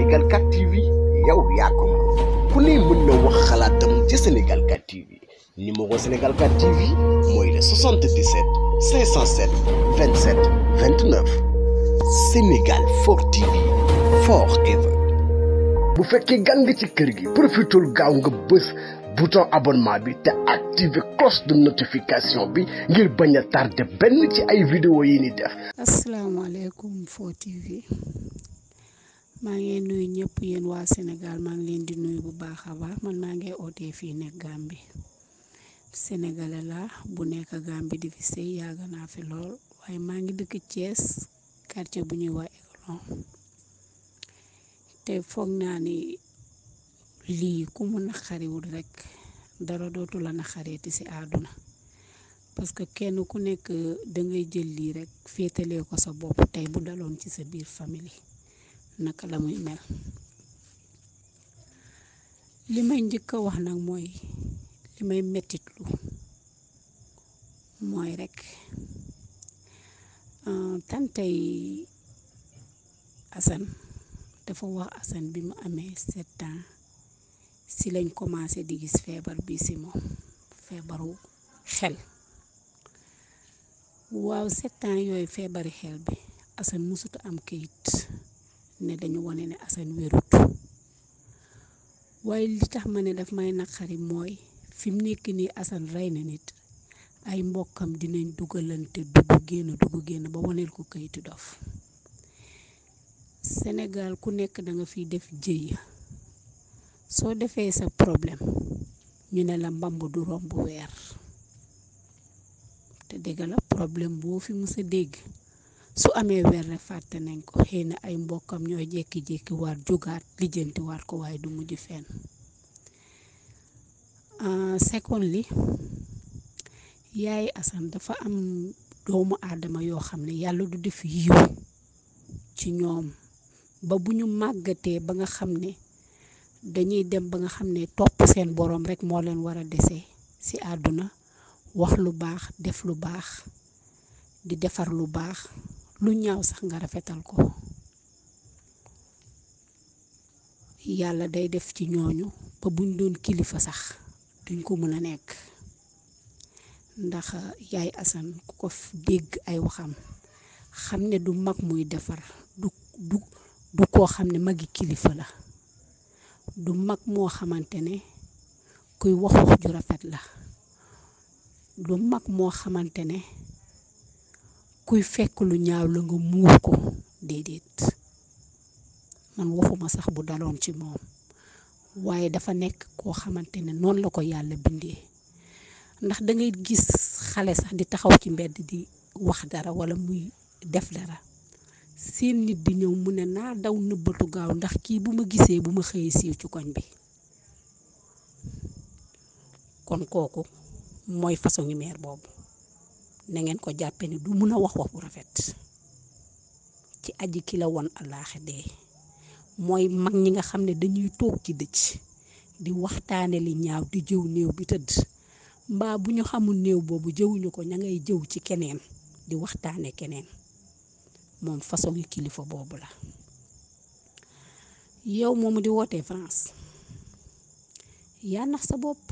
Sénégal 4 TV yow yaa ko ku ne mën na wax xalaatam ci Sénégal 4 TV numéro Sénégal 4 TV mooy le bu fekkee gan ci kër gi profitul gaaw nga bës bouton abonnement bi te activer cloche de notification bi ngir bañ a benn ci ay vidéo yi ni def. maa ngi nuyu ñëpp yéen waa Sénégal maa ngi leen di nuyu bu baax a baax man maa ngi ootee fii nekk Gambi Sénégalais la bu nekk Gambi di fi sëy yàgg naa fi lool waaye maa ngi dëkk Thiès quartier bu ñuy wax Écolon te foog naa ni lii ku mu naqariwul rekk dara dootu la naqareeti ci àdduna parce que kenn ku nekk dangay jël lii rekk féetalee ko sa bopp tey bu daloon ci sa biir famille naka la muy mel li may njëkk a wax nag mooy li may mettitlu mooy rek euh, tantay Assane dafa wax Assane bi mu amee sept ans si lañ commencé di gis feebar bi si moom feebaru xel waaw sept ans yooyu feebari xel bi Assane mësuta am kayit ne dañu wane ne Assane wérut waaye li tax ma ne daf may naqari mooy fi mu nekk nii Assane rey na nit ay mbokkam dinañ dugalante dugg génn dugg génn ba waneel ko kayitu dof Sénégal ku nekk danga fi def jëy soo defee sa problème ñu ne la mbamb du romb weer te dégg la boo fi mës a dégg su amee weer rek fàtte nañ ko xëy na ay mbokkam ñooy jékki-jékki war jógaat lijjanti waat ko waaye du mujj fenn euh, li yaay Assane dafa am doomu aadama yoo xam ne yàlla du def yiw ci ñoom ba bu ñu màggatee ba nga xam ne dañuy dem ba nga xam ne topp seen boroom rekk moo leen war a dese ci àdduna wax lu baax def lu baax di defar lu baax lu ñaaw sax nga rafetal ko yàlla day def ci ñooñu ba buñ doon kilifa sax duñ ko mën a nekk ndax yaay asan ku ko dégg ay waxam xam ne du mag muy defar du du du koo xam ne magi kilifa la du mag moo xamante ne kuy wax wax ju rafet la du mag moo xamante ne kuy fekk lu ñaaw la nga muur ko déedéet man waxuma sax bu daloon ci moom waaye dafa nekk koo xamante ne noonu la ko yàlla bindee ndax da gis xale sax di taxaw ci mbedd di wax dara walla muy def dara seen nit di ñëw mu ne naa daw nëbbatu gaaw ndax kii bu ma gisee bu ma xëyee siiw ci koñ bi kon kooku mooy façon ngi boobu na ngeen ko jàppe ni du mun a wax wax bu rafet ci aji ki la won allaaxe dee mooy mag ñi nga xam ne dañuy toog ci dëj di waxtaane li ñaaw di jëw néew bi tëdd mbaa bu ñu xamul néew boobu jëwuñu ko ña ngay jëw ci keneen di waxtaane keneen moom façon ngi kilifa boobu la yow moomu di wootee France yaa nax sa bopp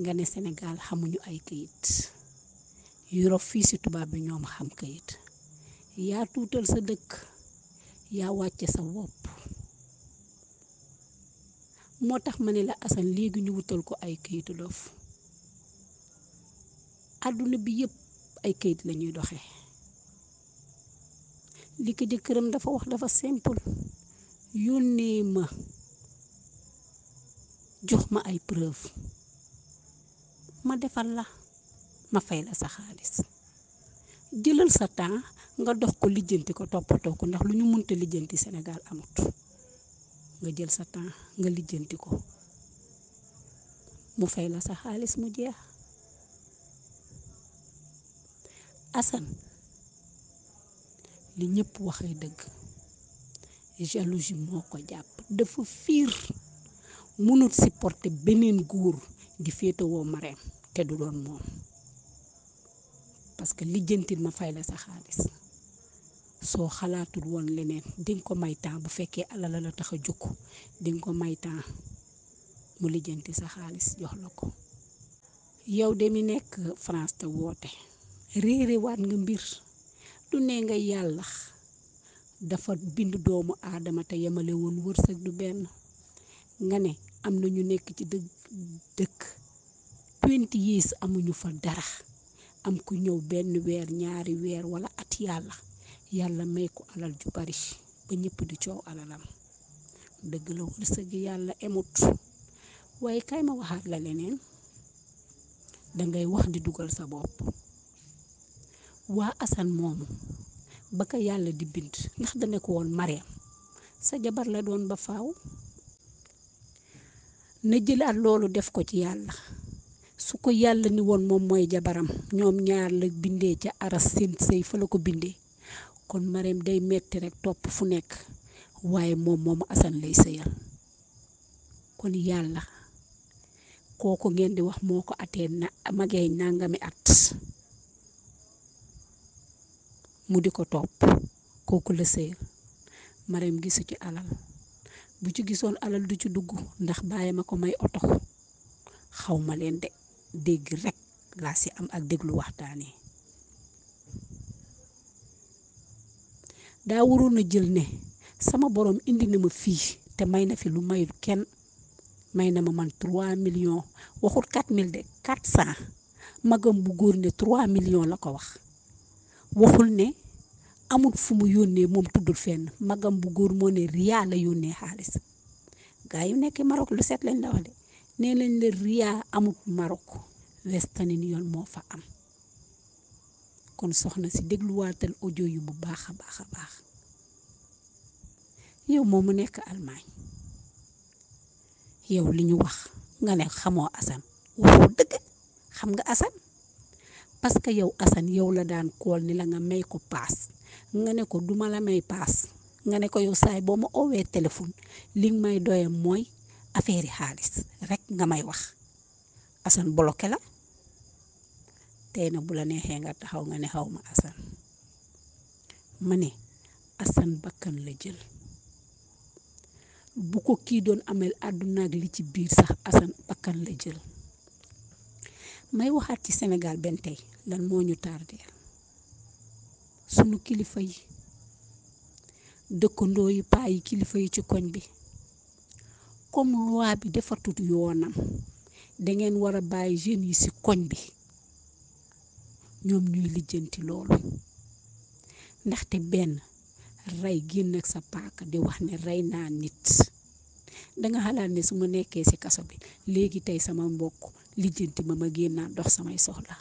nga ne Sénégal xamuñu ay këyit Europe fii si tubaab bi ñoom xam kayit yaa tuutal sa dëkk yaa wàcce sa wopp moo tax ma ne la Assane léegi ñu wutal ko ay kayitu dof àdduna bi yépp ay kayit lañuy doxe li ko jëkkëram dafa wax dafa simple yónnee ma jox ma ay preuve ma defal la ma fay la sa xaalis jëlal sa temps nga dox ko lijjanti ko toppatoo ko ndax lu ñu munta lijjanti amut nga jël sa temps nga lijjanti ko mu fay la sa xaalis mu jeex asan li ñepp waxee dëgg jalousie moo ko jàpp dafa fiir mënul supporter beneen góor di féetewoo mareem te du doon moom parce que lijjantil ma fay la sa xaalis soo xalaatul woon leneen dinga ko may temps bu fekkee alal la tax a jóg dinga ko may temps mu lijjanti sa xaalis jox la ko yow de mi nekk France te woote réere waat nga mbir du ne nga yàlla dafa bind doomu aadama te yemale woon wërsëg du benn nga ne am ñu nekk ci dëkk 20 years amuñu fa dara am ku ñëw benn weer ñaari weer wala at yàlla yàlla may ko alal ju bari ba ñëpp di coow alalam dëgg la wërsëg yàlla emut waaye kay ma waxaat la leneen dangay wax di dugal sa bopp waa asan moomu ba ko yàlla di bind ndax dana ko woon mareem sa jabar la doon ba faaw na jëlaat loolu def ko ci yàlla su ko yàlla ni woon moom mooy jabaram ñoom ñaar la bindee ca aras seen sëy fa la ko bindee kon mareem day metti rekk topp fu nekk waaye moom moomu asan lay sëyal kon yàlla kooku ngeen di wax moo ko atee na magee nangami at mu di ko topp kooku la sëyal mareem gisu ci alal bu ci gisoon alal du ci dugg ndax bàyyi ma ko may oto xaw ma leen de dégg rekk laa si am ak déglu waxtaane daa waroon a jël ne sama boroom indi na ma fii te may na fi lu mayul kenn may na ma man 3 millions waxut 4 de magam bu góor ne 3 millions la ko wax waxul ne amul fu mu yónnee moom tuddul fenn magam bu góor moo ne riyaa la yónnee xaalis gaa yu nekk Maroc lu set lañ la wax de nee nañ la ria amut Maroc Western Union moo fa am kon soxna si dégluwaatal audio yu bu baax a baax a baax yow moomu nekk Allemagne yow li ñu wax nga ne xamoo Assane waxoo dëgg xam nga Assane parce que yow Assane yow la daan kool ni la nga may ko paas nga ne ko duma la may paas nga ne ko yow saay boo ma owee téléphone li may doyam mooy affaire yi xaalis rek nga may wax asan bloqué la tey na bu la neexee nga taxaw nga ne xaw ma Assane ma ne Assane bakkan la jël bu ko kii doon amel àdduna li ci biir sax Assane bakkan la jël may waxaat ci senegal benn tey lan moo ñu tardeel sunu kilifa yi dëkkandoo yi paa kilifa yi ci koñ bi comme loi bi defatut yoonam dangeen war a bàyyi jeunes yi ci koñ bi ñoom ñuy lijjanti loolu ndaxte benn rey génn ak sa paaka di wax ne rey naa nit danga xalaat ne su ma nekkee ci kaso bi léegi tey sama mbokk lijjanti ma ma génnaa dox samay soxla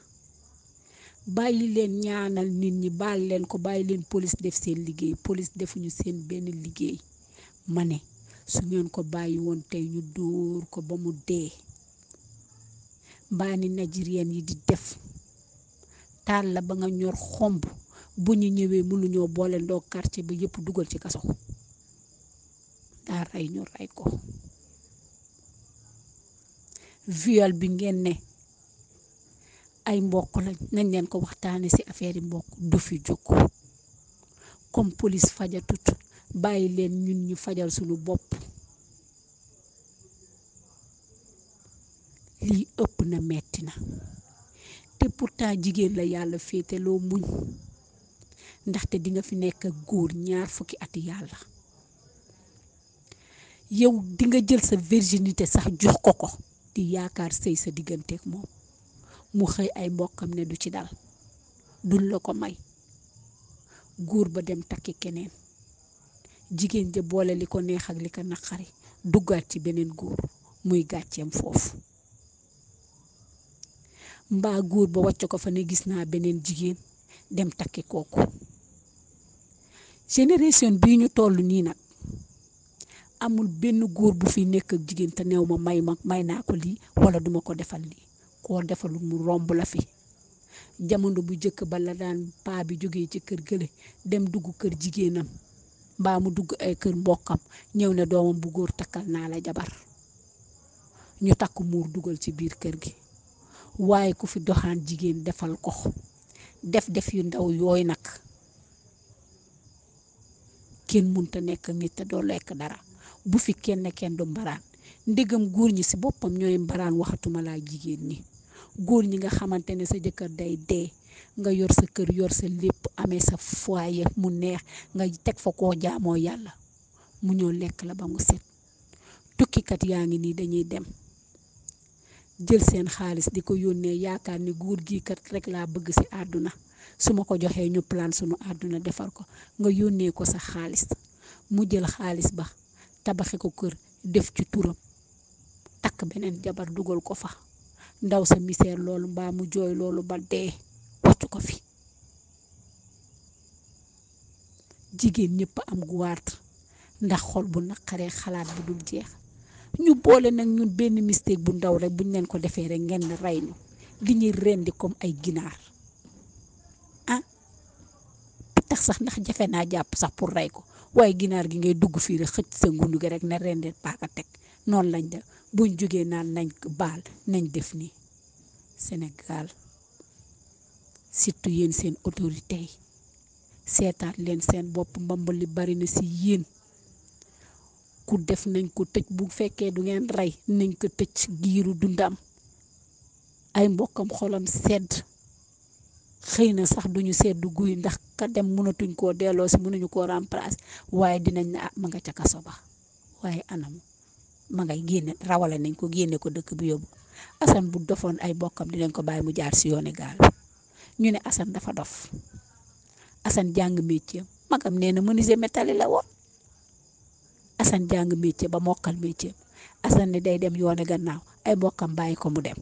bàyyi leen ñaanal nit ñi baal leen ko bàyyi leen police def seen liggéey police defuñu seen benn liggéey ma ne su ngeen ko bàyyi woon tey ñu dóor ko ba mu dee mbaa ni nigérien yi di def taal la ba nga ñor xomb bu ñu ñëwee mënuñoo boole ndoo quartier bi yépp dugal ci kaso daa rey ñu rey ko viol bi ngeen ne ay mbokk lañ nañ leen ko waxtaane ci affaire yi mbokk du fi jóg comme police fajatut bàyyi leen ñun ñu fajal sunu bopp taa jigéen la yàlla féete loo muñ ndaxte di fi nekk ak góor ñaar fukki ati yàlla yow dinga jël sa virginité sax jox ko ko di yaakaar sëy sa digganteek moom mu xëy ay mbokkam ne du ci dal duñ la ko may góor ba dem takki keneen jigéen ja boole li ko neex ak li ko naqari duggaat ci beneen góor muy gàcceem foofu mbaa góor ba wàcc ko fa ne gis naa beneen jigéen dem takki kooku génération bii ñu toll nii nag amul benn góor bu fi nekk ak jigéen te neew ma may ma may naa ko lii wala duma ko defal lii koo defalul mu romb la fi jamono bu jëkk ba la daan paa bi jógee ci kër gële dem dugg kër jigéenam mbaa mu dugg ay kër mbokkam ñëw ne doomam bu góor takkal naa la jabar ñu takk muur dugal ci biir kër gi waaye ku fi doxaan jigéen defal ko def def yu ndaw yooyu nag kenn munta nekk ni te doo lekk dara bu fi kenn kenn du mbaraan ndegam góor ñi ci boppam ñooy mbaraan waxatuma laa jigéen ñi góor ñi nga xamante ne sa jëkkër day dee nga yor sa kër yor sa lépp amee sa foyer mu neex nga teg fa ko jaamoo yàlla mu ñëw lekk la ba mu set tukkikat yaa ngi nii dañuy dem jël seen xaalis di ko yónnee yaakaar ni góor gi kër rek laa bëgg ci àdduna su ma ko joxee ñu plan sunu àdduna defar ko nga yónnee ko sa xaalis mu jël xaalis ba tabaxi ko kër def ci turam takk beneen jabar dugal ko fa ndaw sa misère loolu mbaa mu jooy loolu ba dee wàccu ko fi jigéen ñépp am guwaat ndax xol bu naqaree xalaat bu dul jeex ñu boole nag ñun benn mistake bu ndaw rek buñ leen ko defee rek ngeen rey ñu li ñuy rendi comme ay ginaar ah tax sax ndax jafe naa jàpp sax pour rey ko waaye ginaar gi ngay dugg fii rek xëcc sa ngund gi rek ne rendi paaka teg noonu lañ def buñ jógee naan nañ baal nañ def nii Sénégal surtout yéen seen autorité yi seetaat leen seen bopp li bari na ci yéen ku def nañ ko tëj bu fekkee du ngeen rey nañ ko tëj giiru dundam ay mbokkam xolam sedd xëy na sax duñu seddu guy ndax ka dem mënatuñ koo delloo si mënuñu koo remplacer waaye dinañ ne ah ma nga ca kaso ba waaye anam ma ngay génne rawale nañ ko génne ko dëkk bi yóbbu asan bu dofoon ay bokam dinañ ko bàyyi mu jaar si gaal ñu ne asan dafa dof asan jàng métier magam neena menuisier métallique la woon Assane jàng métier ba mokkal métier Assane ni day dem yoone gannaaw ay bokkam bàyyi ko mu dem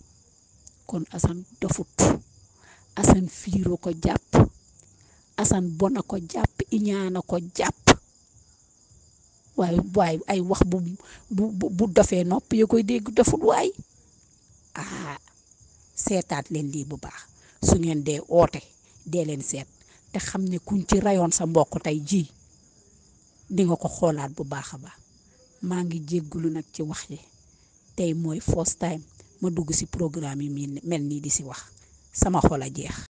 kon Assane dofut Assane fiiro ko jàpp Assane bona ko jàpp iñaana ko jàpp waaye waaye ay wax bu bu dofee nopp ya koy dégg dofut waay ah seetaat leen lii bu baax su ngeen dee oote dee leen seet te xam ne kuñ ci rayoon sa mbokk tey jii di ko xoolaat bu baax a baax maa ngi jéggulu nag ci wax yi tey mooy first time ma dugg si programme yi mel nii di si wax sama xol a jeex